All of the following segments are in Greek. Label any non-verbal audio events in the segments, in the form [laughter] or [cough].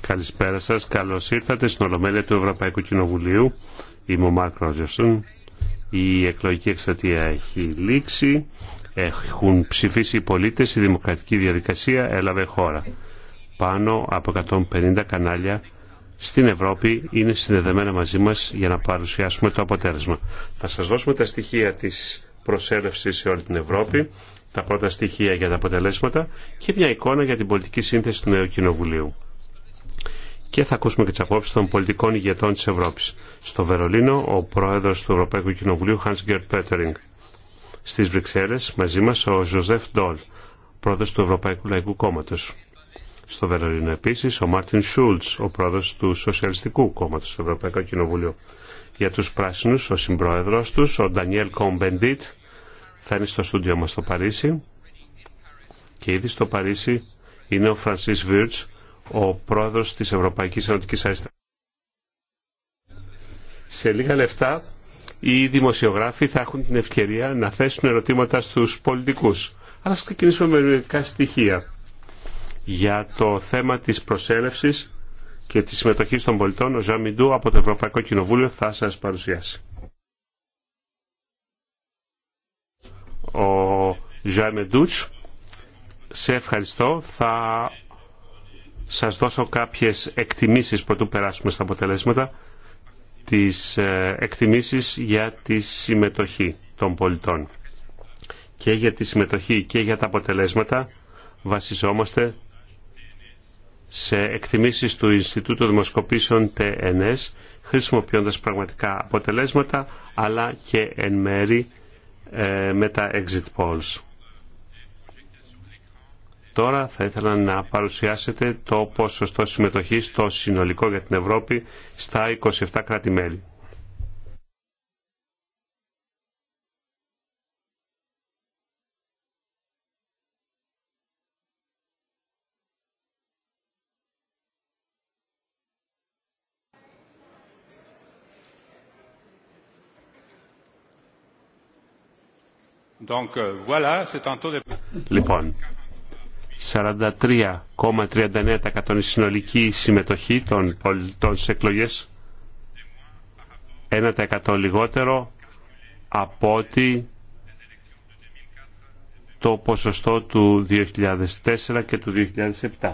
Καλησπέρα σα, καλώ ήρθατε στην Ολομέλεια του Ευρωπαϊκού Κοινοβουλίου. Είμαι ο Μάρκ Ρόζερσον. Η εκλογική εκστρατεία έχει λήξει. Έχουν ψηφίσει οι πολίτες. Η δημοκρατική διαδικασία έλαβε χώρα. Πάνω από 150 κανάλια στην Ευρώπη είναι συνδεδεμένα μαζί μας για να παρουσιάσουμε το αποτέλεσμα. Θα σα δώσουμε τα στοιχεία τη προσέλευση σε όλη την Ευρώπη, τα πρώτα στοιχεία για τα αποτελέσματα και μια εικόνα για την πολιτική σύνθεση του νέου Κοινοβουλίου. Και θα ακούσουμε και τι απόψει των πολιτικών ηγετών τη Ευρώπη. Στο Βερολίνο, ο πρόεδρο του Ευρωπαϊκού Κοινοβουλίου, Hans-Gerd Pöttering. Στι Βρυξέλλε, μαζί μα ο Ζωζεφ Ντόλ, πρόεδρο του Ευρωπαϊκού Λαϊκού Κόμματο. Στο Βερολίνο επίση ο Μάρτιν Σούλτ, ο πρόεδρο του Σοσιαλιστικού Κόμματο του Ευρωπαϊκού Κοινοβουλίου για τους πράσινους, ο συμπρόεδρος τους, ο Ντανιέλ Κομπεντίτ, θα είναι στο στούντιό μας στο Παρίσι και ήδη στο Παρίσι είναι ο Φρανσίς Βίρτς, ο πρόεδρος της Ευρωπαϊκής Ενωτικής Αριστερά. Σε λίγα λεφτά οι δημοσιογράφοι θα έχουν την ευκαιρία να θέσουν ερωτήματα στους πολιτικούς. Αλλά ας ξεκινήσουμε με μερικά στοιχεία για το θέμα της προσέλευσης και τη συμμετοχή των πολιτών, ο Ζαμιντού από το Ευρωπαϊκό Κοινοβούλιο θα σας παρουσιάσει. Ο Ζαμιντούτς, σε ευχαριστώ. Θα σας δώσω κάποιες εκτιμήσεις που περάσουμε στα αποτελέσματα, τις ε, εκτιμήσεις για τη συμμετοχή των πολιτών. Και για τη συμμετοχή και για τα αποτελέσματα βασιζόμαστε σε εκτιμήσεις του Ινστιτούτου Δημοσκοπήσεων TNS χρησιμοποιώντας πραγματικά αποτελέσματα αλλά και εν μέρη ε, με τα exit polls. Τώρα θα ήθελα να παρουσιάσετε το ποσοστό συμμετοχής στο συνολικό για την Ευρώπη στα 27 κράτη-μέλη. Euh, λοιπόν, 43,39% η συνολική συμμετοχή των πολιτών στις εκλογέ. 1% λιγότερο από ότι το ποσοστό του 2004 και του 2007.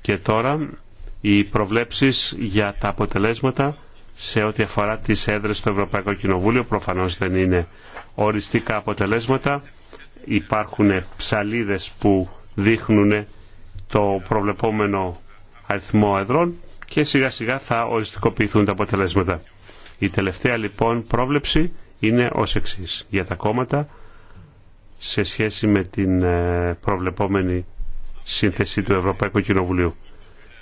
Και τώρα οι προβλέψεις για τα αποτελέσματα σε ό,τι αφορά τις έδρες στο Ευρωπαϊκό Κοινοβούλιο. Προφανώς δεν είναι οριστικά αποτελέσματα. Υπάρχουν ψαλίδες που δείχνουν το προβλεπόμενο αριθμό εδρών και σιγά σιγά θα οριστικοποιηθούν τα αποτελέσματα. Η τελευταία λοιπόν πρόβλεψη είναι ως εξή για τα κόμματα σε σχέση με την ε, προβλεπόμενη σύνθεση του Ευρωπαϊκού Κοινοβουλίου.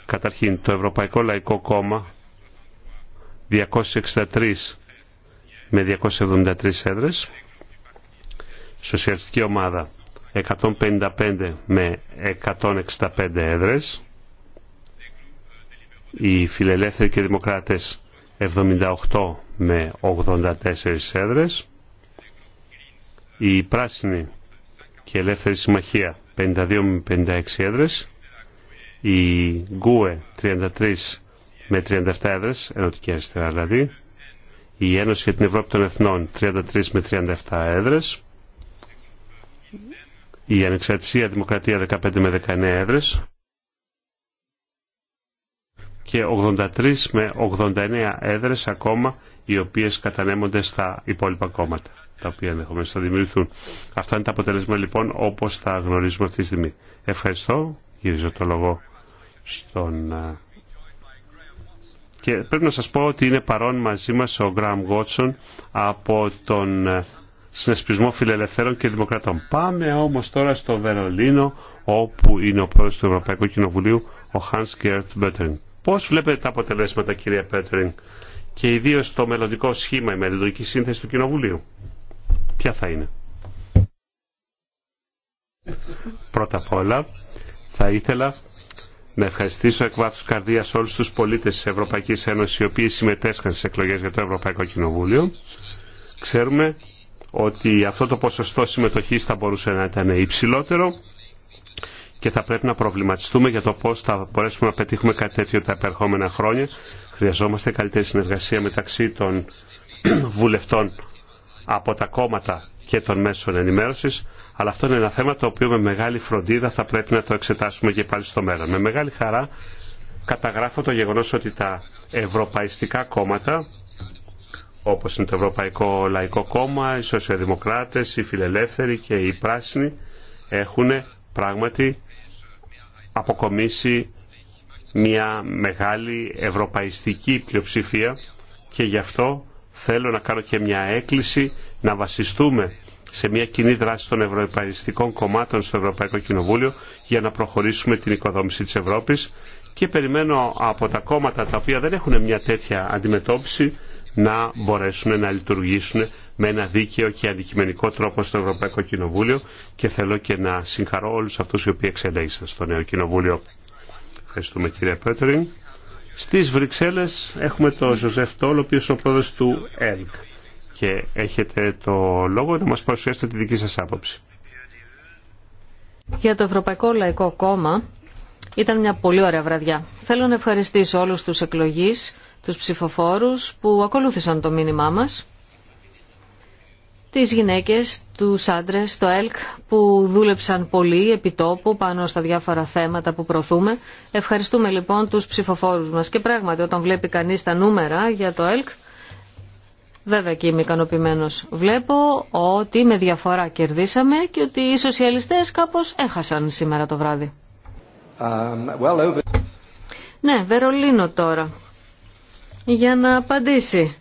Καταρχήν, το Ευρωπαϊκό Λαϊκό Κόμμα 263 με 273 έδρες. Σοσιαλιστική ομάδα 155 με 165 έδρες. Οι φιλελεύθεροι και δημοκράτες 78 με 84 έδρες. Η πράσινη και ελεύθερη συμμαχία 52 με 56 έδρες. Η Γκουε 33 με 37 έδρες, ενωτική αριστερά δηλαδή, η Ένωση για την Ευρώπη των Εθνών 33 με 37 έδρες, η Ανεξαρτησία Δημοκρατία 15 με 19 έδρες και 83 με 89 έδρες ακόμα οι οποίες κατανέμονται στα υπόλοιπα κόμματα τα οποία ενδεχομένω θα δημιουργηθούν. Αυτά είναι τα αποτελέσματα λοιπόν όπως τα γνωρίζουμε αυτή τη στιγμή. Ευχαριστώ. Γυρίζω το λόγο στον ε, και πρέπει να σας πω ότι είναι παρόν μαζί μας ο Γκραμ Γότσον από τον ε, Συνεσπισμό Φιλελευθέρων και Δημοκρατών. Πάμε όμως τώρα στο Βερολίνο όπου είναι ο πρόεδρος του Ευρωπαϊκού Κοινοβουλίου ο Hans Gert Böttering. Πώς βλέπετε τα αποτελέσματα κυρία Böttering και ιδίω το μελλοντικό σχήμα, η μελλοντική σύνθεση του Κοινοβουλίου. Ποια θα είναι. Πρώτα απ' όλα θα ήθελα να ευχαριστήσω εκ βάθους καρδίας όλους τους πολίτες της Ευρωπαϊκής Ένωσης οι οποίοι συμμετέσχαν στις εκλογές για το Ευρωπαϊκό Κοινοβούλιο. Ξέρουμε ότι αυτό το ποσοστό συμμετοχής θα μπορούσε να ήταν υψηλότερο και θα πρέπει να προβληματιστούμε για το πώς θα μπορέσουμε να πετύχουμε κάτι τέτοιο τα επερχόμενα χρόνια. Χρειαζόμαστε καλύτερη συνεργασία μεταξύ των [clears throat] βουλευτών από τα κόμματα και των μέσων ενημέρωσης. Αλλά αυτό είναι ένα θέμα το οποίο με μεγάλη φροντίδα θα πρέπει να το εξετάσουμε και πάλι στο μέλλον. Με μεγάλη χαρά καταγράφω το γεγονός ότι τα ευρωπαϊστικά κόμματα όπως είναι το Ευρωπαϊκό Λαϊκό Κόμμα, οι Σοσιαδημοκράτες, οι Φιλελεύθεροι και οι Πράσινοι έχουν πράγματι αποκομίσει μια μεγάλη ευρωπαϊστική πλειοψηφία και γι' αυτό θέλω να κάνω και μια έκκληση να βασιστούμε σε μια κοινή δράση των ευρωεπαριστικών κομμάτων στο Ευρωπαϊκό Κοινοβούλιο για να προχωρήσουμε την οικοδόμηση της Ευρώπης και περιμένω από τα κόμματα τα οποία δεν έχουν μια τέτοια αντιμετώπιση να μπορέσουν να λειτουργήσουν με ένα δίκαιο και αντικειμενικό τρόπο στο Ευρωπαϊκό Κοινοβούλιο και θέλω και να συγχαρώ όλους αυτούς οι οποίοι εξελέγησαν στο νέο Κοινοβούλιο. Ευχαριστούμε κύριε Πέτριν. Στις Βρυξέλλες έχουμε τον Ζωζεφ Τόλ, ο είναι ο πρόεδρος του ΕΛΚ και έχετε το λόγο να μας παρουσιάσετε τη δική σας άποψη. Για το Ευρωπαϊκό Λαϊκό Κόμμα ήταν μια πολύ ωραία βραδιά. Θέλω να ευχαριστήσω όλους τους εκλογείς, τους ψηφοφόρους που ακολούθησαν το μήνυμά μας, τις γυναίκες, τους άντρες, το ΕΛΚ που δούλεψαν πολύ επί τόπου πάνω στα διάφορα θέματα που προωθούμε. Ευχαριστούμε λοιπόν τους ψηφοφόρους μας και πράγματι όταν βλέπει κανείς τα νούμερα για το ΕΛΚ Βέβαια και είμαι ικανοποιημένο. Βλέπω ότι με διαφορά κερδίσαμε και ότι οι σοσιαλιστές κάπως έχασαν σήμερα το βράδυ. Um, ναι, Βερολίνο τώρα. Για να απαντήσει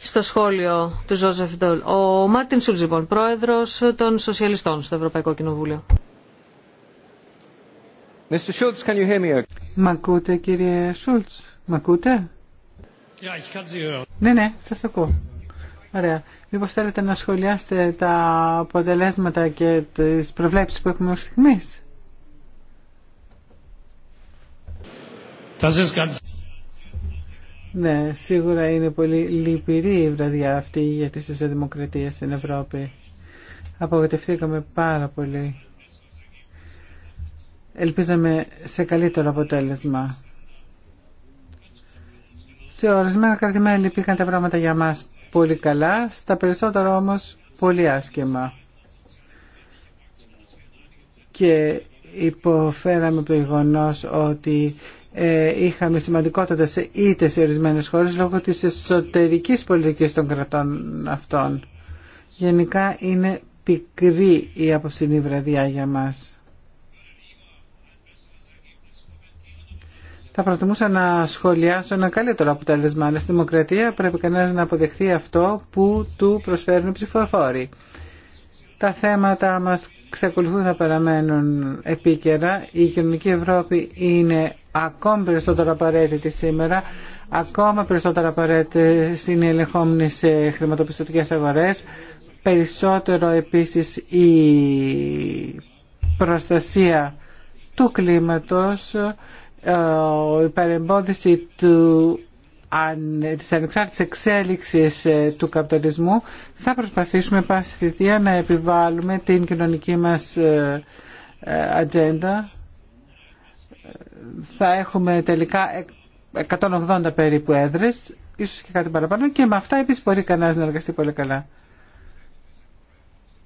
στο σχόλιο του Ζώσεφ Ντόλ. Ο Μάρτιν Σούλτ, λοιπόν, πρόεδρος των Σοσιαλιστών στο Ευρωπαϊκό Κοινοβούλιο. Mr. can you hear me? Μ' ακούτε, κύριε Σούλτς, μ' ακούτε? Ναι, ναι, σας ακούω. Ωραία. Μήπω θέλετε να σχολιάσετε τα αποτελέσματα και τις προβλέψει που έχουμε ως στιγμής. Ναι, σίγουρα είναι πολύ λυπηρή η βραδιά αυτή για τι ισοδημοκρατίε στην Ευρώπη. Απογοητευθήκαμε πάρα πολύ. Ελπίζαμε σε καλύτερο αποτέλεσμα. Σε ορισμένα κρατημένα λυπήκαν τα πράγματα για μας πολύ καλά, στα περισσότερα όμως πολύ άσχημα. Και υποφέραμε το γεγονό ότι ε, είχαμε σημαντικότητα σε είτε σε ορισμένε χώρε λόγω της εσωτερικής πολιτικής των κρατών αυτών. Γενικά είναι πικρή η απόψινή βραδιά για μας. θα προτιμούσα να σχολιάσω ένα καλύτερο αποτέλεσμα. Αλλά στη δημοκρατία πρέπει κανένας να αποδεχθεί αυτό που του προσφέρουν οι ψηφοφόροι. Τα θέματα μας ξεκολουθούν να παραμένουν επίκαιρα. Η κοινωνική Ευρώπη είναι ακόμη περισσότερο απαραίτητη σήμερα, ακόμα περισσότερο απαραίτητε είναι οι σε χρηματοπιστωτικές αγορές, περισσότερο επίση η προστασία του κλίματος, η ε, παρεμπόδιση του αν, της ανεξάρτητης εξέλιξης ε, του καπιταλισμού θα προσπαθήσουμε πάση θητεία να επιβάλλουμε την κοινωνική μας ε, ατζέντα. Θα έχουμε τελικά 180 περίπου έδρες, ίσως και κάτι παραπάνω και με αυτά επίσης μπορεί κανένας να εργαστεί πολύ καλά.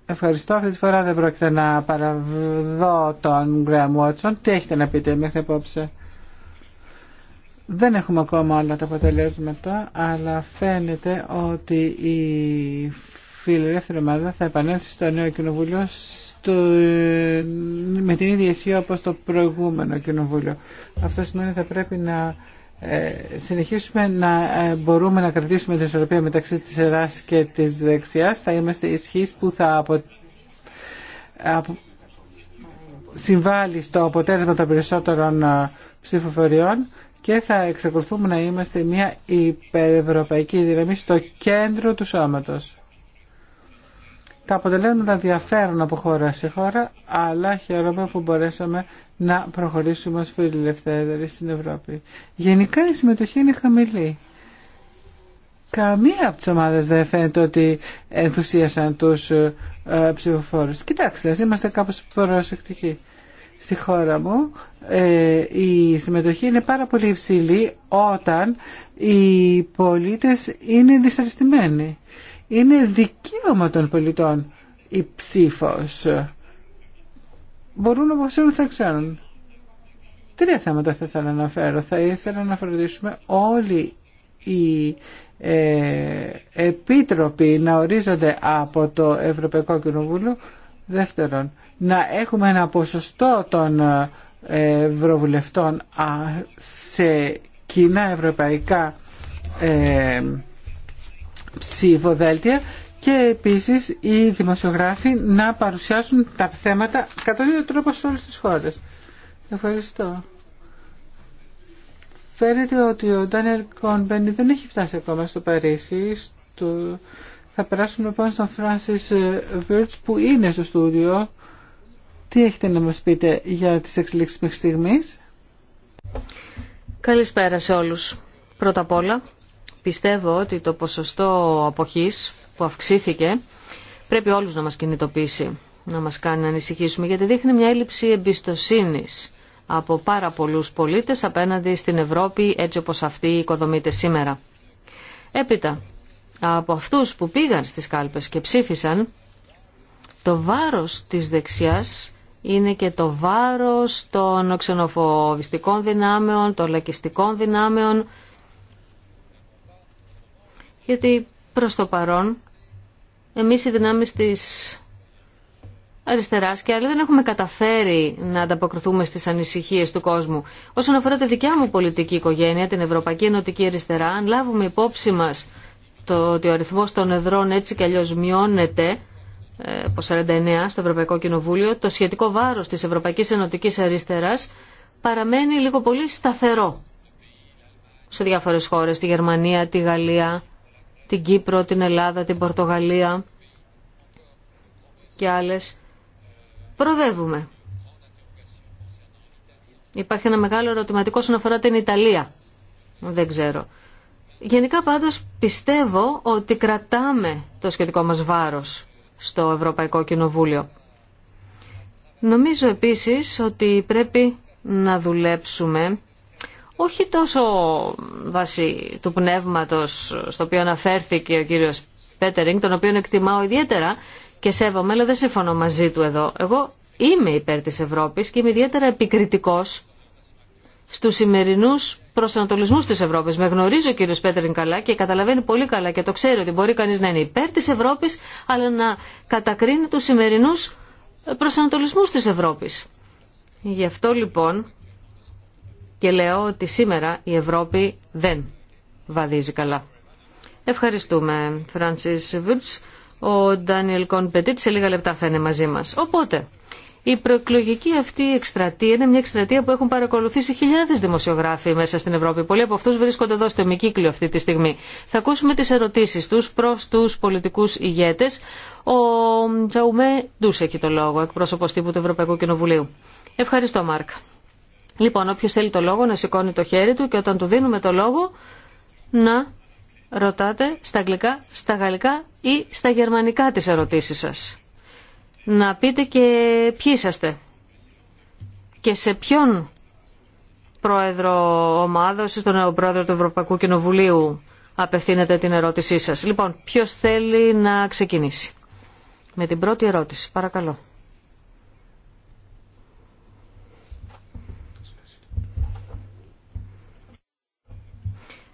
Ευχαριστώ. Αυτή τη φορά δεν πρόκειται να παραδώ τον Γκρέμ Βότσον. Τι έχετε να πείτε μέχρι απόψε. Δεν έχουμε ακόμα όλα τα αποτελέσματα, αλλά φαίνεται ότι η φιλελεύθερη ομάδα θα επανέλθει στο νέο κοινοβούλιο με την ίδια ισχύ όπως το προηγούμενο κοινοβούλιο. Αυτό σημαίνει ότι θα πρέπει να ε, συνεχίσουμε να ε, μπορούμε να κρατήσουμε την ισορροπία μεταξύ της εράς και της δεξιάς. Θα είμαστε ισχύς που θα συμβάλλει στο αποτέλεσμα των περισσότερων ε, ψηφοφοριών και θα εξακολουθούμε να είμαστε μια υπερευρωπαϊκή δύναμη στο κέντρο του σώματος. Τα αποτελέσματα διαφέρουν από χώρα σε χώρα, αλλά χαίρομαι που μπορέσαμε να προχωρήσουμε ως φιλελευθέροι στην Ευρώπη. Γενικά η συμμετοχή είναι χαμηλή. Καμία από τις ομάδες δεν φαίνεται ότι ενθουσίασαν τους ε, ψηφοφόρους. Κοιτάξτε, είμαστε κάπως προσεκτικοί στη χώρα μου ε, η συμμετοχή είναι πάρα πολύ υψηλή όταν οι πολίτες είναι δυσαρεστημένοι. Είναι δικαίωμα των πολιτών η ψήφος. Μπορούν να αποφασίσουν θα ξέρουν. Τρία θέματα θα ήθελα να αναφέρω. Θα ήθελα να φροντίσουμε όλοι οι ε, επίτροποι να ορίζονται από το Ευρωπαϊκό Κοινοβούλιο. Δεύτερον, να έχουμε ένα ποσοστό των ε, ευρωβουλευτών σε κοινά ευρωπαϊκά ε, ψηφοδέλτια και επίσης οι δημοσιογράφοι να παρουσιάσουν τα θέματα κατά τον ίδιο τρόπο σε όλες τις χώρες. Ευχαριστώ. Φαίνεται ότι ο Ντάνιελ Κόνμπεν δεν έχει φτάσει ακόμα στο Παρίσι. Θα περάσουμε λοιπόν στον Φράνσις Βίρτς που είναι στο στούδιο. Τι έχετε να μας πείτε για τις εξελίξεις μέχρι στιγμής. Καλησπέρα σε όλους. Πρώτα απ' όλα, πιστεύω ότι το ποσοστό αποχής που αυξήθηκε πρέπει όλους να μας κινητοποιήσει, να μας κάνει να ανησυχήσουμε, γιατί δείχνει μια έλλειψη εμπιστοσύνης από πάρα πολλούς πολίτες απέναντι στην Ευρώπη έτσι όπως αυτή οικοδομείται σήμερα. Έπειτα, από αυτούς που πήγαν στις κάλπες και ψήφισαν, το βάρος της δεξιάς είναι και το βάρος των ξενοφοβιστικών δυνάμεων, των λακιστικών δυνάμεων, γιατί προς το παρόν εμείς οι δυνάμεις της αριστεράς και άλλοι δεν έχουμε καταφέρει να ανταποκριθούμε στις ανησυχίες του κόσμου. Όσον αφορά τη δικιά μου πολιτική οικογένεια, την Ευρωπαϊκή Ενωτική Αριστερά, αν λάβουμε υπόψη μας το ότι ο αριθμός των εδρών έτσι κι αλλιώς μειώνεται, από 49 στο Ευρωπαϊκό Κοινοβούλιο, το σχετικό βάρος της Ευρωπαϊκής Ενωτικής Αριστεράς παραμένει λίγο πολύ σταθερό σε διάφορες χώρες, τη Γερμανία, τη Γαλλία, την Κύπρο, την Ελλάδα, την Πορτογαλία και άλλες. Προδεύουμε. Υπάρχει ένα μεγάλο ερωτηματικό όσον αφορά την Ιταλία. Δεν ξέρω. Γενικά πάντως πιστεύω ότι κρατάμε το σχετικό μας βάρος στο Ευρωπαϊκό Κοινοβούλιο. Νομίζω επίσης ότι πρέπει να δουλέψουμε όχι τόσο βάσει του πνεύματος στο οποίο αναφέρθηκε ο κύριος Πέτερινγκ, τον οποίο εκτιμάω ιδιαίτερα και σέβομαι, αλλά δεν συμφωνώ μαζί του εδώ. Εγώ είμαι υπέρ της Ευρώπης και είμαι ιδιαίτερα επικριτικός στους σημερινούς προσανατολισμούς της Ευρώπης. Με γνωρίζει ο κύριος Πέτριν καλά και καταλαβαίνει πολύ καλά και το ξέρει ότι μπορεί κανείς να είναι υπέρ της Ευρώπης αλλά να κατακρίνει τους σημερινούς προσανατολισμούς της Ευρώπης. Γι' αυτό λοιπόν και λέω ότι σήμερα η Ευρώπη δεν βαδίζει καλά. Ευχαριστούμε, Φρανσίς Βούρτς. Ο Ντάνιελ Πετίτ σε λίγα λεπτά θα είναι μαζί μας. Οπότε, η προεκλογική αυτή εκστρατεία είναι μια εκστρατεία που έχουν παρακολουθήσει χιλιάδε δημοσιογράφοι μέσα στην Ευρώπη. Πολλοί από αυτού βρίσκονται εδώ στο ημικύκλιο αυτή τη στιγμή. Θα ακούσουμε τι ερωτήσει του προ του πολιτικού ηγέτε. Ο Τζαουμέ Ντού έχει το λόγο, εκπρόσωπο τύπου του Ευρωπαϊκού Κοινοβουλίου. Ευχαριστώ, Μάρκ. Λοιπόν, όποιο θέλει το λόγο να σηκώνει το χέρι του και όταν του δίνουμε το λόγο να ρωτάτε στα αγγλικά, στα γαλλικά ή στα γερμανικά τι ερωτήσει σα να πείτε και ποιοι είσαστε και σε ποιον πρόεδρο ομάδος ή στον νέο πρόεδρο του Ευρωπαϊκού Κοινοβουλίου απευθύνεται την ερώτησή σας. Λοιπόν, ποιος θέλει να ξεκινήσει. Με την πρώτη ερώτηση, παρακαλώ.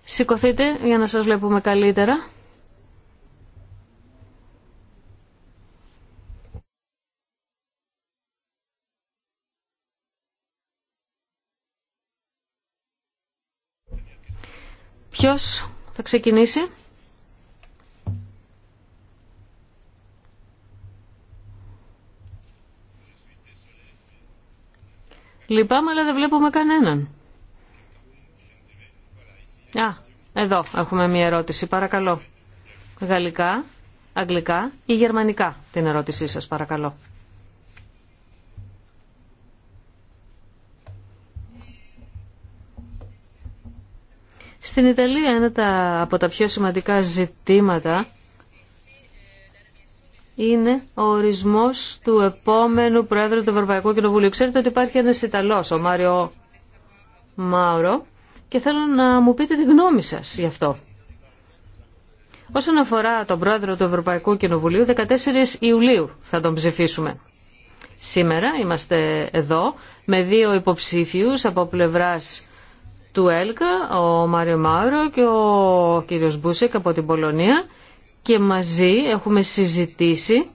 Σηκωθείτε για να σας βλέπουμε καλύτερα. Ποιος θα ξεκινήσει? Λυπάμαι, αλλά δεν βλέπουμε κανέναν. Α, εδώ έχουμε μία ερώτηση. Παρακαλώ. Γαλλικά, αγγλικά ή γερμανικά την ερώτησή σας, παρακαλώ. Στην Ιταλία ένα από τα πιο σημαντικά ζητήματα είναι ο ορισμός του επόμενου Πρόεδρου του Ευρωπαϊκού Κοινοβουλίου. Ξέρετε ότι υπάρχει ένας Ιταλός, ο Μάριο Μάουρο, και θέλω να μου πείτε τη γνώμη σας γι' αυτό. Όσον αφορά τον Πρόεδρο του Ευρωπαϊκού Κοινοβουλίου, 14 Ιουλίου θα τον ψηφίσουμε. Σήμερα είμαστε εδώ με δύο υποψήφιους από πλευράς του ΕΛΚΑ, ο Μάριο Μάουρο και ο κύριος Μπούσεκ από την Πολωνία και μαζί έχουμε συζητήσει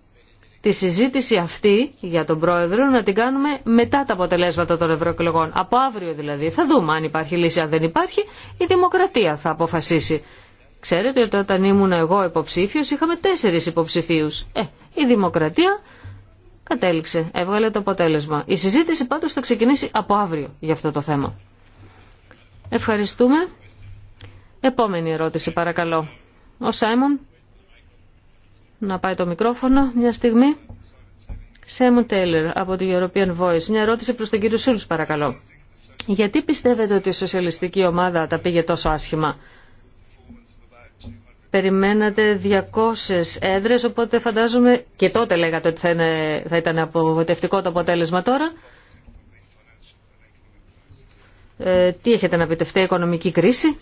τη συζήτηση αυτή για τον πρόεδρο να την κάνουμε μετά τα αποτελέσματα των ευρωεκλογών. Από αύριο δηλαδή. Θα δούμε αν υπάρχει λύση. Αν δεν υπάρχει, η δημοκρατία θα αποφασίσει. Ξέρετε ότι όταν ήμουν εγώ υποψήφιος είχαμε τέσσερις υποψηφίους. Ε, η δημοκρατία κατέληξε, έβγαλε το αποτέλεσμα. Η συζήτηση πάντως θα ξεκινήσει από αύριο για αυτό το θέμα. Ευχαριστούμε. Επόμενη ερώτηση παρακαλώ. Ο Σάιμον. Να πάει το μικρόφωνο μια στιγμή. Σάιμον Τέιλερ από την European Voice. Μια ερώτηση προς τον κύριο Σούλς παρακαλώ. Γιατί πιστεύετε ότι η σοσιαλιστική ομάδα τα πήγε τόσο άσχημα. Περιμένατε 200 έδρες, οπότε φαντάζομαι και τότε λέγατε ότι θα, θα ήταν απογοητευτικό το αποτέλεσμα τώρα. Ε, τι έχετε να πείτε, φταίει οικονομική κρίση.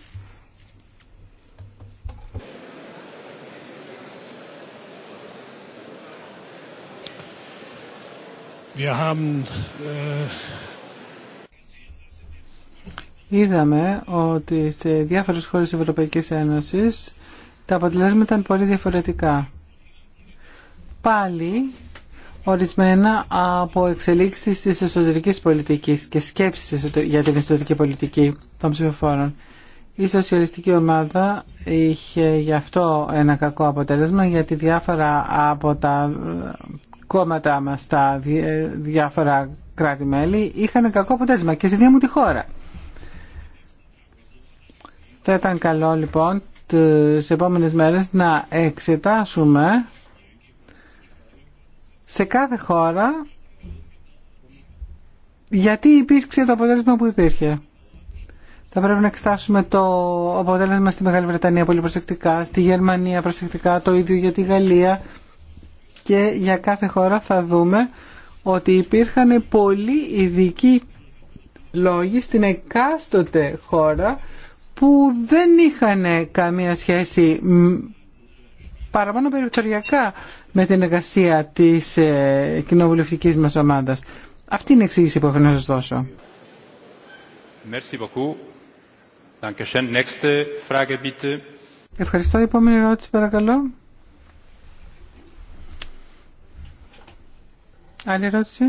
Äh, Είδαμε ότι σε διάφορες χώρες της Ευρωπαϊκής Ένωσης τα αποτελέσματα ήταν πολύ διαφορετικά. Πάλι ορισμένα από εξελίξεις της εσωτερικής πολιτικής και σκέψεις για την εσωτερική πολιτική των ψηφοφόρων. Η σοσιαλιστική ομάδα είχε γι' αυτό ένα κακό αποτέλεσμα γιατί διάφορα από τα κόμματα μας τα ε, διάφορα κράτη-μέλη είχαν κακό αποτέλεσμα και στη δία μου τη χώρα. Θα ήταν καλό λοιπόν τις επόμενες μέρες να εξετάσουμε σε κάθε χώρα γιατί υπήρξε το αποτέλεσμα που υπήρχε. Θα πρέπει να εξετάσουμε το αποτέλεσμα στη Μεγάλη Βρετανία πολύ προσεκτικά, στη Γερμανία προσεκτικά, το ίδιο για τη Γαλλία και για κάθε χώρα θα δούμε ότι υπήρχαν πολύ ειδικοί λόγοι στην εκάστοτε χώρα που δεν είχαν καμία σχέση παραπάνω περιπτωριακά με την εργασία της ε, κοινοβουλευτικής μας ομάδας. Αυτή είναι η εξήγηση που έχω να σα δώσω. Ευχαριστώ. Επόμενη ερώτηση παρακαλώ. Άλλη ερώτηση.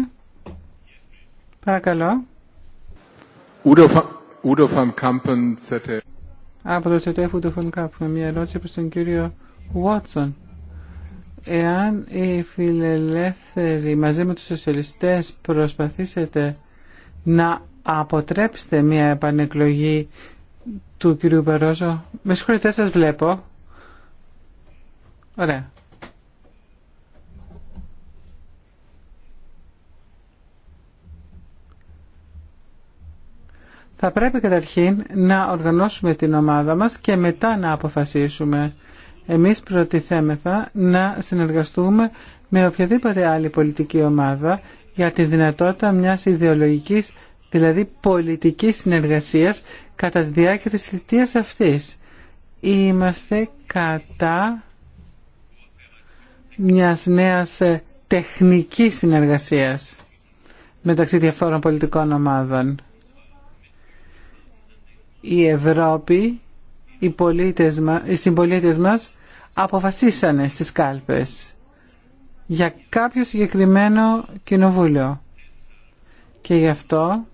Παρακαλώ. Udo van Kampen, Από το ZF Udo van Kampen, μια ερώτηση προς τον κύριο Watson. Εάν οι φιλελεύθεροι μαζί με τους σοσιαλιστές προσπαθήσετε να αποτρέψετε μια επανεκλογή του κυρίου Περόζο. Με συγχωρείτε, σας βλέπω. Ωραία. Θα πρέπει καταρχήν να οργανώσουμε την ομάδα μας και μετά να αποφασίσουμε. Εμείς προτιθέμεθα να συνεργαστούμε με οποιαδήποτε άλλη πολιτική ομάδα για τη δυνατότητα μιας ιδεολογικής, δηλαδή πολιτικής συνεργασίας κατά τη διάρκεια της θητείας αυτής. Είμαστε κατά μιας νέας ε, τεχνικής συνεργασίας μεταξύ διαφόρων πολιτικών ομάδων. Η Ευρώπη οι, συμπολίτε οι συμπολίτες μας αποφασίσανε στις κάλπες για κάποιο συγκεκριμένο κοινοβούλιο. Και γι' αυτό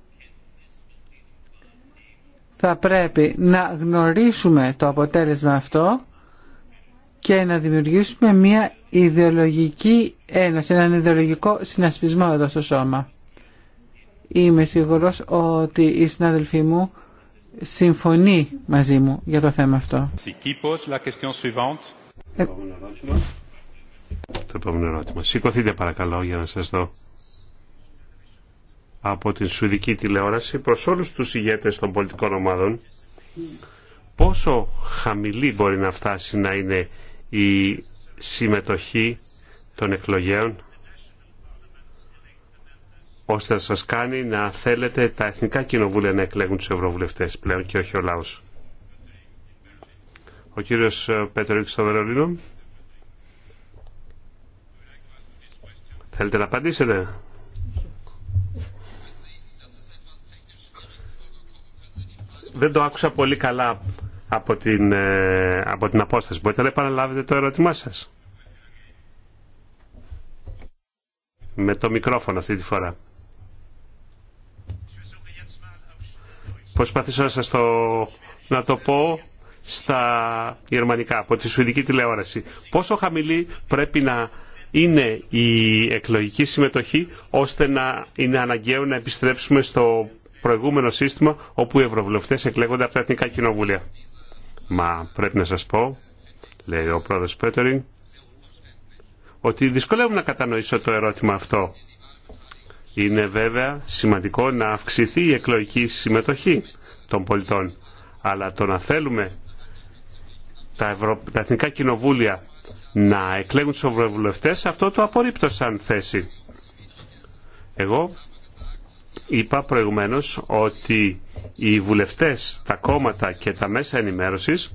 θα πρέπει να γνωρίσουμε το αποτέλεσμα αυτό και να δημιουργήσουμε μια ιδεολογική ένωση, έναν ιδεολογικό συνασπισμό εδώ στο σώμα. Είμαι σίγουρος ότι οι συνάδελφοί μου συμφωνεί μαζί μου για το θέμα αυτό. Ε, το επόμενο ερώτημα. Σηκωθείτε παρακαλώ για να σας δω. Από την Σουηδική τηλεόραση προς όλους τους ηγέτες των πολιτικών ομάδων πόσο χαμηλή μπορεί να φτάσει να είναι η συμμετοχή των εκλογέων ώστε να σας κάνει να θέλετε τα εθνικά κοινοβούλια να εκλέγουν τους ευρωβουλευτές πλέον και όχι ο λαός. Ο κύριος ε, Πέτρος στο Βερολίνο. Θέλετε να απαντήσετε. Δεν το άκουσα πολύ καλά από την, ε, από την απόσταση. Μπορείτε να επαναλάβετε το ερώτημά σας. Με το μικρόφωνο αυτή τη φορά. Προσπαθήσω να σας το, να το πω στα γερμανικά, από τη σουηδική τηλεόραση. Πόσο χαμηλή πρέπει να είναι η εκλογική συμμετοχή ώστε να είναι αναγκαίο να επιστρέψουμε στο προηγούμενο σύστημα όπου οι ευρωβουλευτές εκλέγονται από τα εθνικά κοινοβούλια. Μα πρέπει να σας πω, λέει ο πρόεδρος Πέτεριν, ότι δυσκολεύομαι να κατανοήσω το ερώτημα αυτό. Είναι βέβαια σημαντικό να αυξηθεί η εκλογική συμμετοχή των πολιτών. Αλλά το να θέλουμε τα, Ευρω... εθνικά κοινοβούλια να εκλέγουν τους ευρωβουλευτές, αυτό το απορρίπτωσαν σαν θέση. Εγώ είπα προηγουμένως ότι οι βουλευτές, τα κόμματα και τα μέσα ενημέρωσης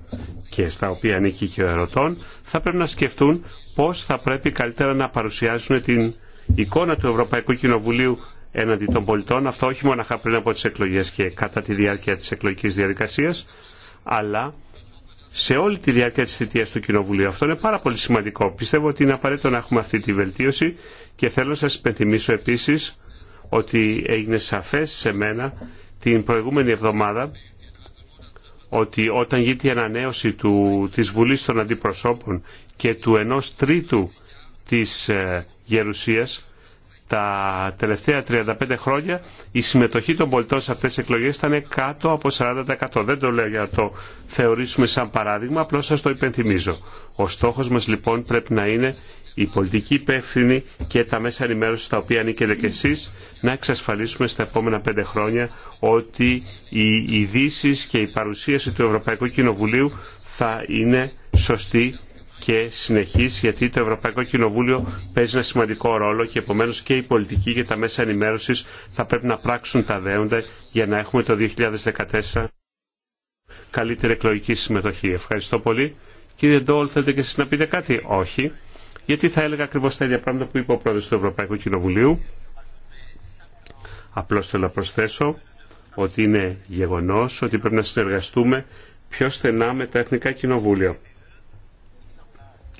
και στα οποία ανήκει και ο ερωτών θα πρέπει να σκεφτούν πώς θα πρέπει καλύτερα να παρουσιάσουν την εικόνα του Ευρωπαϊκού Κοινοβουλίου έναντι των πολιτών, αυτό όχι μόνο πριν από τις εκλογές και κατά τη διάρκεια της εκλογικής διαδικασίας, αλλά σε όλη τη διάρκεια της θητείας του Κοινοβουλίου. Αυτό είναι πάρα πολύ σημαντικό. Πιστεύω ότι είναι απαραίτητο να έχουμε αυτή τη βελτίωση και θέλω να σας υπενθυμίσω επίσης ότι έγινε σαφές σε μένα την προηγούμενη εβδομάδα ότι όταν γίνεται η ανανέωση του, της Βουλής των Αντιπροσώπων και του ενός τρίτου της ε, Γερουσίας τα τελευταία 35 χρόνια η συμμετοχή των πολιτών σε αυτές τις εκλογές ήταν κάτω από 40%. Δεν το λέω για να το θεωρήσουμε σαν παράδειγμα, απλώς σας το υπενθυμίζω. Ο στόχος μας λοιπόν πρέπει να είναι η πολιτική υπεύθυνη και τα μέσα ενημέρωση τα οποία ανήκετε και εσείς να εξασφαλίσουμε στα επόμενα πέντε χρόνια ότι οι ειδήσει και η παρουσίαση του Ευρωπαϊκού Κοινοβουλίου θα είναι σωστή και συνεχής γιατί το Ευρωπαϊκό Κοινοβούλιο παίζει ένα σημαντικό ρόλο και επομένως και οι πολιτικοί και τα μέσα ενημέρωσης θα πρέπει να πράξουν τα δέοντα για να έχουμε το 2014 καλύτερη εκλογική συμμετοχή. Ευχαριστώ πολύ. Κύριε Ντόλ, θέλετε και εσείς να πείτε κάτι. Όχι. Γιατί θα έλεγα ακριβώ τα ίδια πράγματα που είπε ο πρόεδρος του Ευρωπαϊκού Κοινοβουλίου. Απλώς θέλω να προσθέσω ότι είναι γεγονός ότι πρέπει να συνεργαστούμε πιο στενά με τα Εθνικά Κοινοβούλια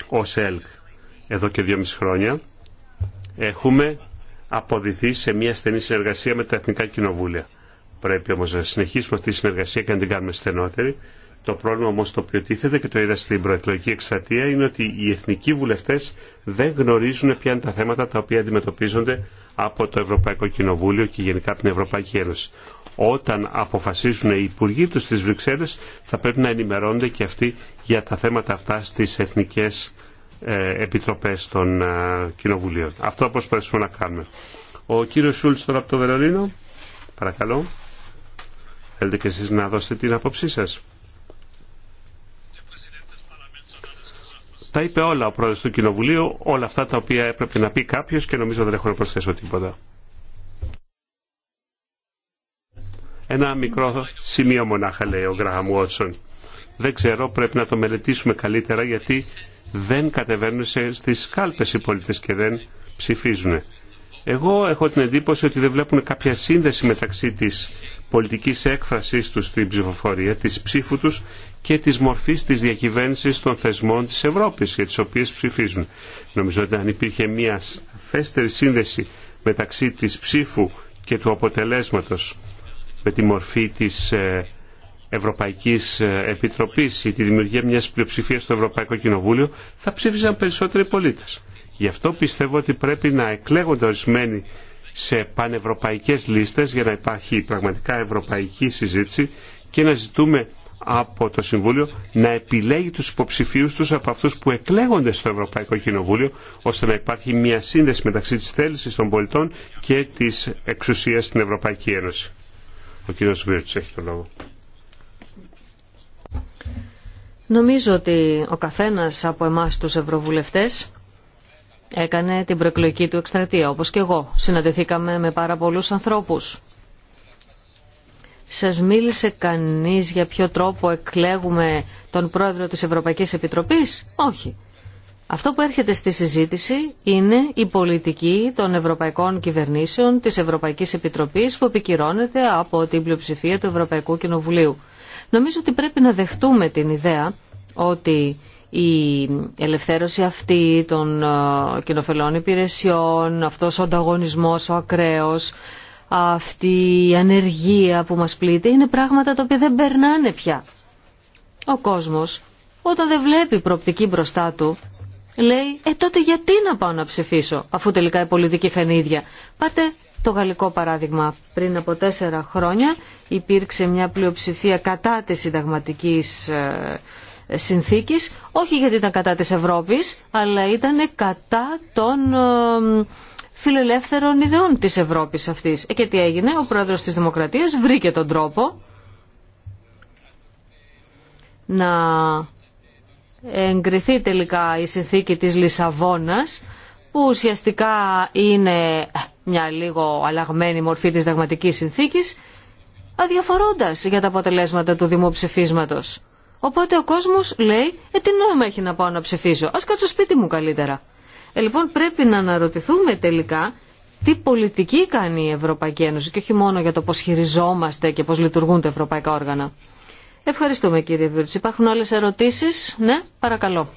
ως ΕΛΚ εδώ και δύο μισή χρόνια έχουμε αποδηθεί σε μια στενή συνεργασία με τα Εθνικά Κοινοβούλια. Πρέπει όμως να συνεχίσουμε αυτή τη συνεργασία και να την κάνουμε στενότερη. Το πρόβλημα όμως το οποίο τίθεται και το είδα στην προεκλογική εκστρατεία είναι ότι οι εθνικοί βουλευτές δεν γνωρίζουν ποια είναι τα θέματα τα οποία αντιμετωπίζονται από το Ευρωπαϊκό Κοινοβούλιο και γενικά από την Ευρωπαϊκή Ένωση όταν αποφασίσουν οι υπουργοί τους στις Βρυξέλλες θα πρέπει να ενημερώνονται και αυτοί για τα θέματα αυτά στις εθνικές ε, επιτροπές των ε, κοινοβουλίων. Αυτό προσπαθήσουμε να κάνουμε. Ο κύριος Σούλτς τώρα από το Βερολίνο. Παρακαλώ. Θέλετε και εσείς να δώσετε την απόψή σας. Τα είπε όλα ο πρόεδρος του Κοινοβουλίου, όλα αυτά τα οποία έπρεπε να πει κάποιος και νομίζω δεν έχω να προσθέσω τίποτα. Ένα μικρό σημείο μονάχα λέει ο Γκραχαμ Βότσον. Δεν ξέρω, πρέπει να το μελετήσουμε καλύτερα γιατί δεν κατεβαίνουν στις κάλπες οι πολίτες και δεν ψηφίζουν. Εγώ έχω την εντύπωση ότι δεν βλέπουν κάποια σύνδεση μεταξύ της πολιτικής έκφρασής τους στην ψηφοφορία, της ψήφου τους και της μορφής της διακυβέρνησης των θεσμών της Ευρώπης για τις οποίες ψηφίζουν. Νομίζω ότι αν υπήρχε μια φέστερη σύνδεση μεταξύ της ψήφου και του αποτελέσματο με τη μορφή της ε, Ευρωπαϊκής ε, Επιτροπής ή τη δημιουργία μιας πλειοψηφίας στο Ευρωπαϊκό Κοινοβούλιο θα ψήφισαν περισσότεροι πολίτες. Γι' αυτό πιστεύω ότι πρέπει να εκλέγονται ορισμένοι σε πανευρωπαϊκές λίστες για να υπάρχει πραγματικά ευρωπαϊκή συζήτηση και να ζητούμε από το Συμβούλιο να επιλέγει τους υποψηφίους τους από αυτούς που εκλέγονται στο Ευρωπαϊκό Κοινοβούλιο ώστε να υπάρχει μια σύνδεση μεταξύ της θέλησης των πολιτών και της εξουσίας στην Ευρωπαϊκή Ένωση. Ο κύριος Βίρτς έχει το λόγο. Νομίζω ότι ο καθένας από εμάς τους ευρωβουλευτές έκανε την προεκλογική του εκστρατεία, όπως και εγώ. Συναντηθήκαμε με πάρα πολλούς ανθρώπους. Σας μίλησε κανείς για ποιο τρόπο εκλέγουμε τον πρόεδρο της Ευρωπαϊκής Επιτροπής. Όχι. Αυτό που έρχεται στη συζήτηση είναι η πολιτική των ευρωπαϊκών κυβερνήσεων της Ευρωπαϊκής Επιτροπής που επικυρώνεται από την πλειοψηφία του Ευρωπαϊκού Κοινοβουλίου. Νομίζω ότι πρέπει να δεχτούμε την ιδέα ότι η ελευθέρωση αυτή των ε, κοινοφελών υπηρεσιών, αυτός ο ανταγωνισμός, ο ακραίος, αυτή η ανεργία που μας πλήττει είναι πράγματα τα οποία δεν περνάνε πια. Ο κόσμος όταν δεν βλέπει προοπτική μπροστά του λέει «Ε τότε γιατί να πάω να ψηφίσω αφού τελικά η πολιτική φαίνει ίδια». Πάτε το γαλλικό παράδειγμα. Πριν από τέσσερα χρόνια υπήρξε μια πλειοψηφία κατά της συνταγματικής ε, συνθήκης, όχι γιατί ήταν κατά της Ευρώπης, αλλά ήταν κατά των ε, φιλελεύθερων ιδεών της Ευρώπης αυτής. Ε, και τι έγινε, ο πρόεδρος της Δημοκρατίας βρήκε τον τρόπο να εγκριθεί τελικά η συνθήκη της Λισαβόνας που ουσιαστικά είναι μια λίγο αλλαγμένη μορφή της δαγματικής συνθήκης αδιαφορώντας για τα αποτελέσματα του δημοψηφίσματος. Οπότε ο κόσμος λέει «Ε τι νόημα έχει να πάω να ψηφίσω, ας κάτσω σπίτι μου καλύτερα». Ε, λοιπόν πρέπει να αναρωτηθούμε τελικά τι πολιτική κάνει η Ευρωπαϊκή Ένωση και όχι μόνο για το πώς χειριζόμαστε και πώς λειτουργούν τα ευρωπαϊκά όργανα. Ευχαριστούμε κύριε Βίρτς. Υπάρχουν άλλες ερωτήσεις. Ναι, παρακαλώ.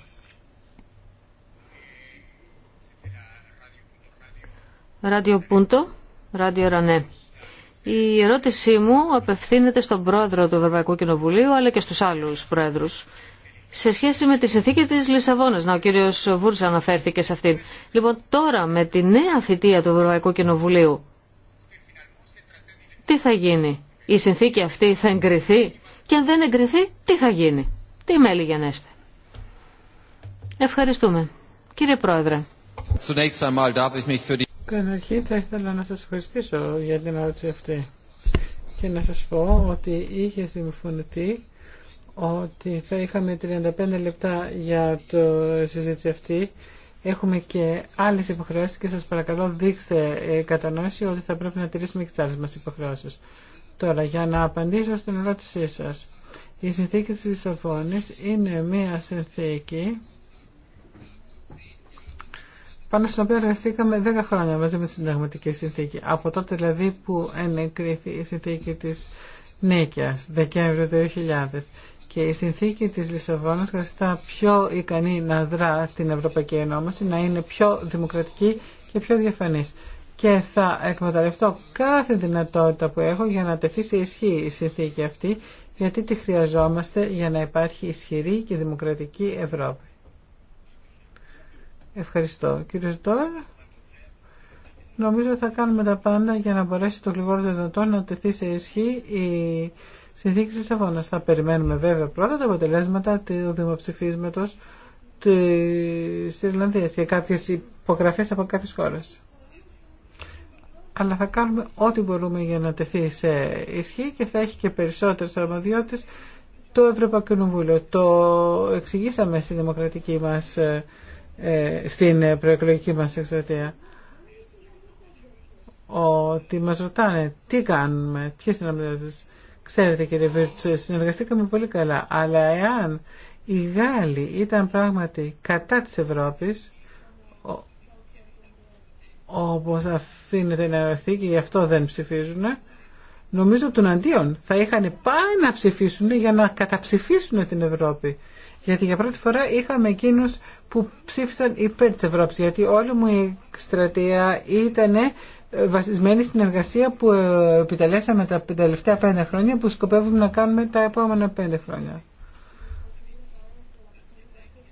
Ράδιο Πούντο, Ράδιο Ρανέ. Η ερώτησή μου απευθύνεται στον πρόεδρο του Ευρωπαϊκού Κοινοβουλίου αλλά και στους άλλους πρόεδρους. Σε σχέση με τη συνθήκη τη Λισαβόνα, να ο κύριος Βούρτ αναφέρθηκε σε αυτήν. Λοιπόν, τώρα με τη νέα θητεία του Ευρωπαϊκού Κοινοβουλίου, τι θα γίνει. Η συνθήκη αυτή θα εγκριθεί και αν δεν εγκριθεί, τι θα γίνει. Τι μέλη γενέστε. Ευχαριστούμε. Κύριε Πρόεδρε. Καταρχήν θα ήθελα να σας ευχαριστήσω για την ερώτηση αυτή και να σας πω ότι είχε συμφωνηθεί ότι θα είχαμε 35 λεπτά για το συζήτηση αυτή. Έχουμε και άλλες υποχρεώσεις και σας παρακαλώ δείξτε ε, κατανόηση ότι θα πρέπει να τηρήσουμε και τις άλλες μας υποχρεώσεις. Τώρα, για να απαντήσω στην ερώτησή σας. Η συνθήκη της Λισαβόνης είναι μία συνθήκη πάνω στην οποία εργαστήκαμε 10 χρόνια μαζί με τη συνταγματική συνθήκη. Από τότε δηλαδή που ενεκρίθη η συνθήκη της Νίκαιας, Δεκέμβριο 2000. Και η συνθήκη της Λισαβόνας καθιστά πιο ικανή να δρά την Ευρωπαϊκή Ενόμαση, να είναι πιο δημοκρατική και πιο διαφανής και θα εκμεταλλευτώ κάθε δυνατότητα που έχω για να τεθεί σε ισχύ η συνθήκη αυτή γιατί τη χρειαζόμαστε για να υπάρχει ισχυρή και δημοκρατική Ευρώπη. Ευχαριστώ. Κύριε Ζητόρ, νομίζω θα κάνουμε τα πάντα για να μπορέσει το λιγότερο δυνατό να τεθεί σε ισχύ η συνθήκη της Αφώνας. Θα περιμένουμε βέβαια πρώτα τα αποτελέσματα του δημοψηφίσματος της Ιρλανδίας και κάποιες υπογραφές από κάποιες χώρες αλλά θα κάνουμε ό,τι μπορούμε για να τεθεί σε ισχύ και θα έχει και περισσότερες αρμοδιότητες το Ευρωπαϊκό Κοινοβούλιο. Το εξηγήσαμε στη δημοκρατική μας, ε, ε, στην προεκλογική μας εκστρατεία ότι μας ρωτάνε τι κάνουμε, ποιες είναι αρμοδιότητες. Ξέρετε κύριε Βίρτς, συνεργαστήκαμε πολύ καλά, αλλά εάν οι Γάλλοι ήταν πράγματι κατά της Ευρώπης, όπως αφήνεται να ερωθεί και γι' αυτό δεν ψηφίζουν νομίζω τον αντίον θα είχαν πάει να ψηφίσουν για να καταψηφίσουν την Ευρώπη γιατί για πρώτη φορά είχαμε εκείνους που ψήφισαν υπέρ της Ευρώπης γιατί όλη μου η εκστρατεία ήταν ε, βασισμένη στην εργασία που ε, επιτελέσαμε τα τελευταία πέντε χρόνια που σκοπεύουμε να κάνουμε τα επόμενα πέντε χρόνια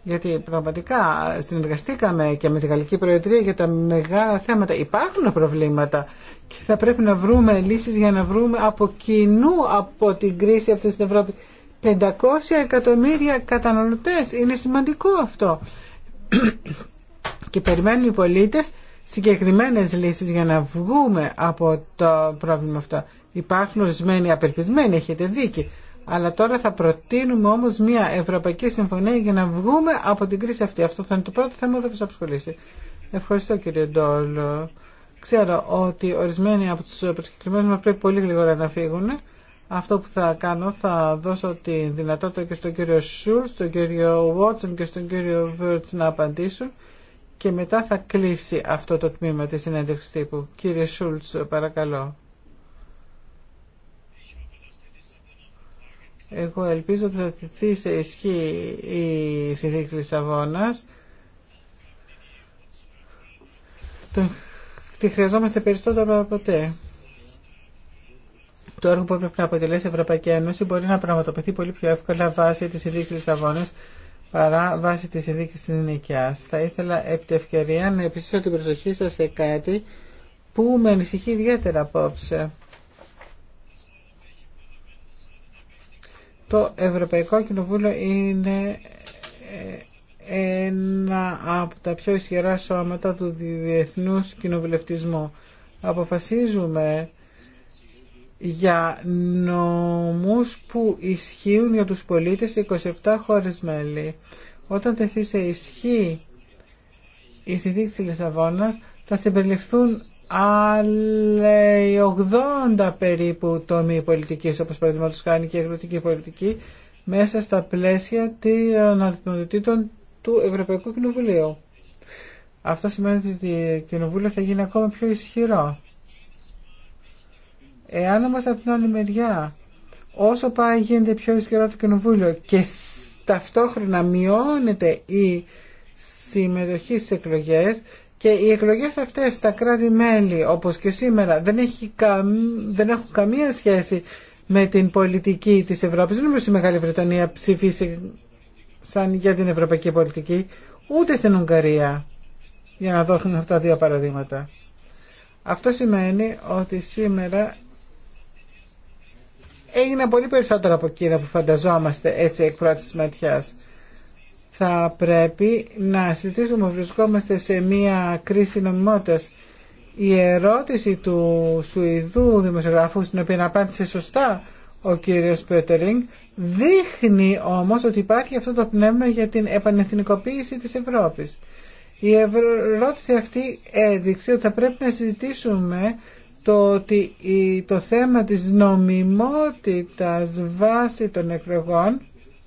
γιατί πραγματικά συνεργαστήκαμε και με τη Γαλλική Προεδρία για τα μεγάλα θέματα. Υπάρχουν προβλήματα και θα πρέπει να βρούμε λύσεις για να βρούμε από κοινού από την κρίση αυτή στην Ευρώπη. 500 εκατομμύρια καταναλωτές. Είναι σημαντικό αυτό. και περιμένουν οι πολίτες συγκεκριμένες λύσεις για να βγούμε από το πρόβλημα αυτό. Υπάρχουν ορισμένοι απελπισμένοι, έχετε δίκη. Αλλά τώρα θα προτείνουμε όμω μια Ευρωπαϊκή Συμφωνία για να βγούμε από την κρίση αυτή. Αυτό θα είναι το πρώτο θέμα που θα απασχολήσει. Ευχαριστώ κύριε Ντόλ. Ξέρω ότι ορισμένοι από του προσκεκλημένου μα πρέπει πολύ γρήγορα να φύγουν. Αυτό που θα κάνω θα δώσω τη δυνατότητα και στον κύριο Σούλ, στον κύριο Βότσον και στον κύριο Βέρτς να απαντήσουν και μετά θα κλείσει αυτό το τμήμα της συνέντευξης τύπου. Κύριε Σούλτς, παρακαλώ. Εγώ ελπίζω ότι θα τεθεί σε ισχύ η συνθήκη της Λισαβόνας. Τη χρειαζόμαστε περισσότερο από ποτέ. Το έργο που έπρεπε να αποτελέσει η Ευρωπαϊκή Ένωση μπορεί να πραγματοποιηθεί πολύ πιο εύκολα βάσει της συνθήκη της παρά βάσει της συνθήκη τη Νικιάς. Θα ήθελα επί τη ευκαιρία να επιστήσω την προσοχή σα σε κάτι που με ανησυχεί ιδιαίτερα απόψε. Το Ευρωπαϊκό Κοινοβούλιο είναι ε, ένα από τα πιο ισχυρά σώματα του διεθνούς κοινοβουλευτισμού. Αποφασίζουμε για νομούς που ισχύουν για τους πολίτες 27 χώρες μέλη. Όταν τεθεί σε ισχύ η συνθήκη της Λισαβόνας θα συμπεριληφθούν αλλά οι 80 περίπου τομεί πολιτική όπως παραδείγματος κάνει και η αγροτική πολιτική, μέσα στα πλαίσια των αρθμοδοτήτων του Ευρωπαϊκού Κοινοβουλίου. Αυτό σημαίνει ότι το Κοινοβούλιο θα γίνει ακόμα πιο ισχυρό. Εάν όμως από την άλλη μεριά, όσο πάει γίνεται πιο ισχυρό το Κοινοβούλιο και ταυτόχρονα μειώνεται η συμμετοχή στι εκλογές, και οι εκλογές αυτές στα κράτη-μέλη, όπως και σήμερα, δεν, έχει δεν έχουν καμία σχέση με την πολιτική της Ευρώπης. Δεν νομίζω η Μεγάλη Βρετανία ψηφίσει σαν για την ευρωπαϊκή πολιτική, ούτε στην Ουγγαρία, για να δώσουν αυτά τα δύο παραδείγματα. Αυτό σημαίνει ότι σήμερα έγιναν πολύ περισσότερο από εκείνα που φανταζόμαστε έτσι εκ πρώτης ματιά θα πρέπει να συζητήσουμε, βρισκόμαστε σε μια κρίση νομιμότητας. Η ερώτηση του Σουηδού δημοσιογράφου, στην οποία απάντησε σωστά ο κύριος Πέτερινγκ, δείχνει όμως ότι υπάρχει αυτό το πνεύμα για την επανεθνικοποίηση της Ευρώπης. Η ερώτηση αυτή έδειξε ότι θα πρέπει να συζητήσουμε το ότι το θέμα της νομιμότητας βάση των εκλογών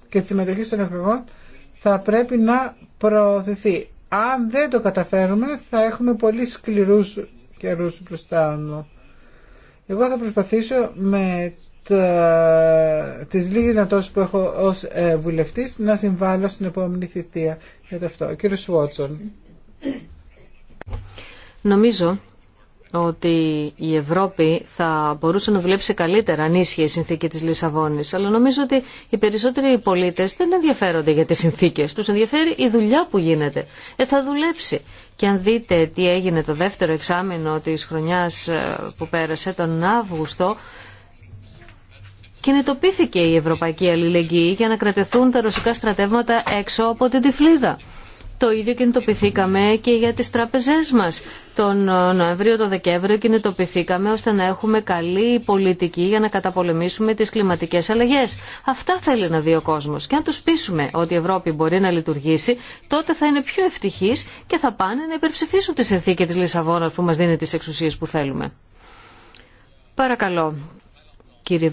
και της συμμετοχής των εκλογών θα πρέπει να προωθηθεί. Αν δεν το καταφέρουμε θα έχουμε πολύ σκληρούς καιρούς μπροστά μου. Εγώ θα προσπαθήσω με τα, τις λίγες δυνατότητες που έχω ως ε, βουλευτής να συμβάλλω στην επόμενη θητεία για το αυτό. Κύριε Σουότσον. Νομίζω ότι η Ευρώπη θα μπορούσε να δουλέψει καλύτερα αν ίσχυε η συνθήκη της Λισαβόνης. Αλλά νομίζω ότι οι περισσότεροι πολίτες δεν ενδιαφέρονται για τις συνθήκες. Τους ενδιαφέρει η δουλειά που γίνεται. Ε, θα δουλέψει. Και αν δείτε τι έγινε το δεύτερο εξάμεινο της χρονιάς ε, που πέρασε τον Αύγουστο, κινητοποιήθηκε η Ευρωπαϊκή Αλληλεγγύη για να κρατεθούν τα ρωσικά στρατεύματα έξω από την Τυφλίδα. Το ίδιο κινητοποιηθήκαμε και για τις τράπεζές μας. Τον ε, Νοεμβρίο, τον Δεκέμβριο κινητοποιηθήκαμε ώστε να έχουμε καλή πολιτική για να καταπολεμήσουμε τις κλιματικές αλλαγές. Αυτά θέλει να δει ο κόσμος. Και αν τους πείσουμε ότι η Ευρώπη μπορεί να λειτουργήσει, τότε θα είναι πιο ευτυχής και θα πάνε να υπερψηφίσουν τη συνθήκη της Λισαβόνας που μας δίνει τις εξουσίες που θέλουμε. Παρακαλώ, κύριε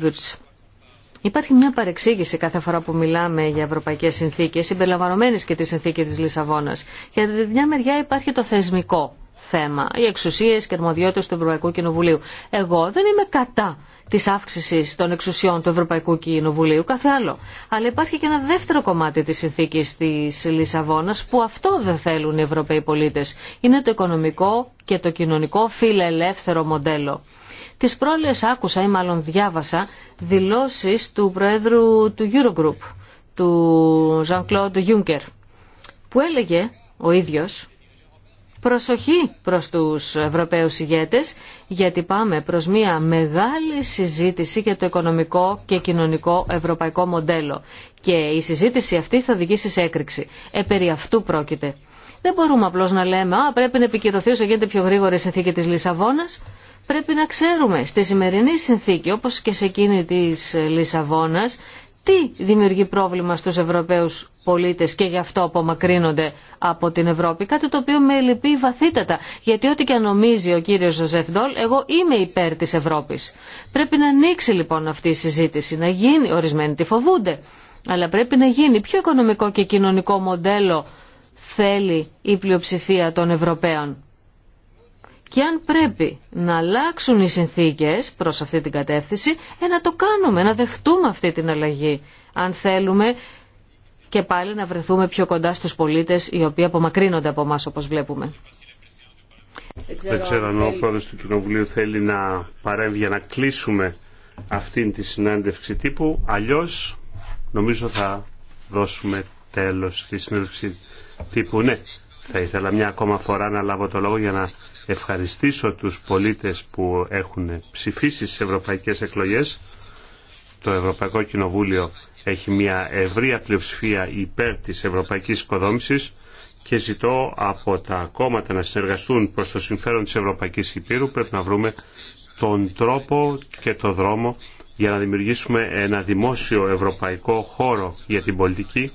Υπάρχει μια παρεξήγηση κάθε φορά που μιλάμε για ευρωπαϊκέ συνθήκε, συμπεριλαμβανομένε και τη συνθήκη τη Λισαβόνα. Για μια μεριά υπάρχει το θεσμικό θέμα, οι εξουσίε και αρμοδιότητε του Ευρωπαϊκού Κοινοβουλίου. Εγώ δεν είμαι κατά τη αύξηση των εξουσιών του Ευρωπαϊκού Κοινοβουλίου, κάθε άλλο. Αλλά υπάρχει και ένα δεύτερο κομμάτι τη συνθήκη τη Λισαβόνα που αυτό δεν θέλουν οι Ευρωπαίοι πολίτε. Είναι το οικονομικό και το κοινωνικό φιλελεύθερο μοντέλο. Τις πρόλες άκουσα ή μάλλον διάβασα δηλώσει του Προέδρου του Eurogroup, του Jean-Claude Juncker, που έλεγε ο ίδιος προσοχή προς τους Ευρωπαίους ηγέτες, γιατί πάμε προς μια μεγάλη συζήτηση για το οικονομικό και κοινωνικό ευρωπαϊκό μοντέλο. Και η συζήτηση αυτή θα οδηγήσει σε έκρηξη. Ε, περί αυτού πρόκειται. Δεν μπορούμε απλώς να λέμε «Α, πρέπει να επικυρωθεί όσο γίνεται πιο γρήγορα η συνθήκη της Λισαβόνας». Πρέπει να ξέρουμε, στη σημερινή συνθήκη, όπως και σε εκείνη της Λισαβόνας, τι δημιουργεί πρόβλημα στους Ευρωπαίους πολίτες και γι' αυτό απομακρύνονται από την Ευρώπη. Κάτι το οποίο με λυπεί βαθύτατα, γιατί ό,τι και νομίζει ο κύριος Ζωζεφ Ντόλ, εγώ είμαι υπέρ της Ευρώπης. Πρέπει να ανοίξει λοιπόν αυτή η συζήτηση, να γίνει, ορισμένοι τη φοβούνται, αλλά πρέπει να γίνει πιο οικονομικό και κοινωνικό μοντέλο θέλει η πλειοψηφία των Ευρωπαίων. Και αν πρέπει να αλλάξουν οι συνθήκες προς αυτή την κατεύθυνση, ε, να το κάνουμε, να δεχτούμε αυτή την αλλαγή. Αν θέλουμε και πάλι να βρεθούμε πιο κοντά στους πολίτες οι οποίοι απομακρύνονται από εμά όπως βλέπουμε. Δεν ξέρω αν ο πρόεδρος του Κοινοβουλίου θέλει να παρέμβει για να κλείσουμε αυτήν τη συνέντευξη τύπου. Αλλιώς νομίζω θα δώσουμε τέλος στη συνέντευξη τύπου. Ναι, θα ήθελα μια ακόμα φορά να λάβω το λόγο για να ευχαριστήσω τους πολίτες που έχουν ψηφίσει στις ευρωπαϊκές εκλογές. Το Ευρωπαϊκό Κοινοβούλιο έχει μια ευρία πλειοψηφία υπέρ της ευρωπαϊκής οικοδόμησης και ζητώ από τα κόμματα να συνεργαστούν προς το συμφέρον της Ευρωπαϊκής Υπήρου. Πρέπει να βρούμε τον τρόπο και τον δρόμο για να δημιουργήσουμε ένα δημόσιο ευρωπαϊκό χώρο για την πολιτική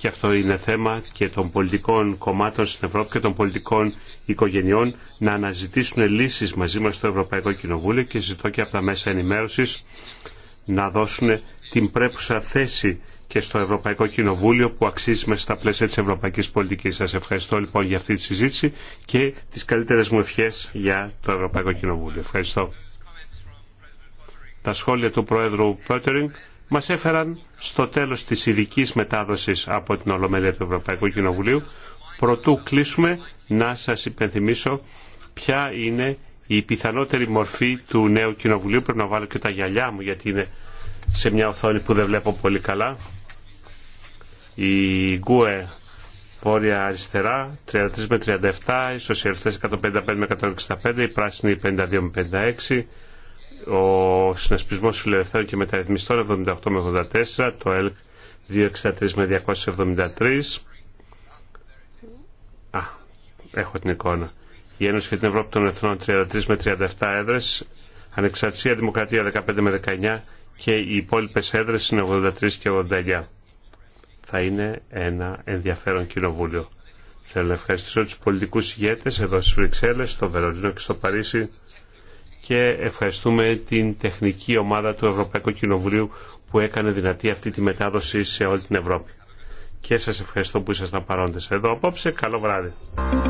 και αυτό είναι θέμα και των πολιτικών κομμάτων στην Ευρώπη και των πολιτικών οικογενειών να αναζητήσουν λύσεις μαζί μας στο Ευρωπαϊκό Κοινοβούλιο και ζητώ και από τα μέσα ενημέρωσης να δώσουν την πρέπουσα θέση και στο Ευρωπαϊκό Κοινοβούλιο που αξίζει μέσα στα πλαίσια της ευρωπαϊκής πολιτικής. Σας ευχαριστώ λοιπόν για αυτή τη συζήτηση και τις καλύτερες μου ευχές για το Ευρωπαϊκό Κοινοβούλιο. Ευχαριστώ. Τα σχόλια του Πρόεδρου Πότερινγκ μας έφεραν στο τέλος της ειδική μετάδοσης από την Ολομέλεια του Ευρωπαϊκού Κοινοβουλίου. Προτού κλείσουμε να σας υπενθυμίσω ποια είναι η πιθανότερη μορφή του νέου Κοινοβουλίου. Πρέπει να βάλω και τα γυαλιά μου γιατί είναι σε μια οθόνη που δεν βλέπω πολύ καλά. Η Γκουε Βόρεια Αριστερά 33 με 37, οι Σοσιαλιστές 155 με 165, οι Πράσινοι 52 με 56, ο συνασπισμός φιλελευθέρων και μεταρρυθμιστών 78 με 84, το ΕΛΚ 263 με 273. Α, έχω την εικόνα. Η Ένωση για την Ευρώπη των Εθνών 33 με 37 έδρες, Ανεξαρτησία Δημοκρατία 15 με 19 και οι υπόλοιπε έδρες είναι 83 και 89. Θα είναι ένα ενδιαφέρον κοινοβούλιο. Θέλω να ευχαριστήσω τους πολιτικούς ηγέτες εδώ στις Βρυξέλλες, στο Βερολίνο και στο Παρίσι και ευχαριστούμε την τεχνική ομάδα του Ευρωπαϊκού Κοινοβουλίου που έκανε δυνατή αυτή τη μετάδοση σε όλη την Ευρώπη. Και σας ευχαριστώ που ήσασταν παρόντες εδώ απόψε. Καλό βράδυ.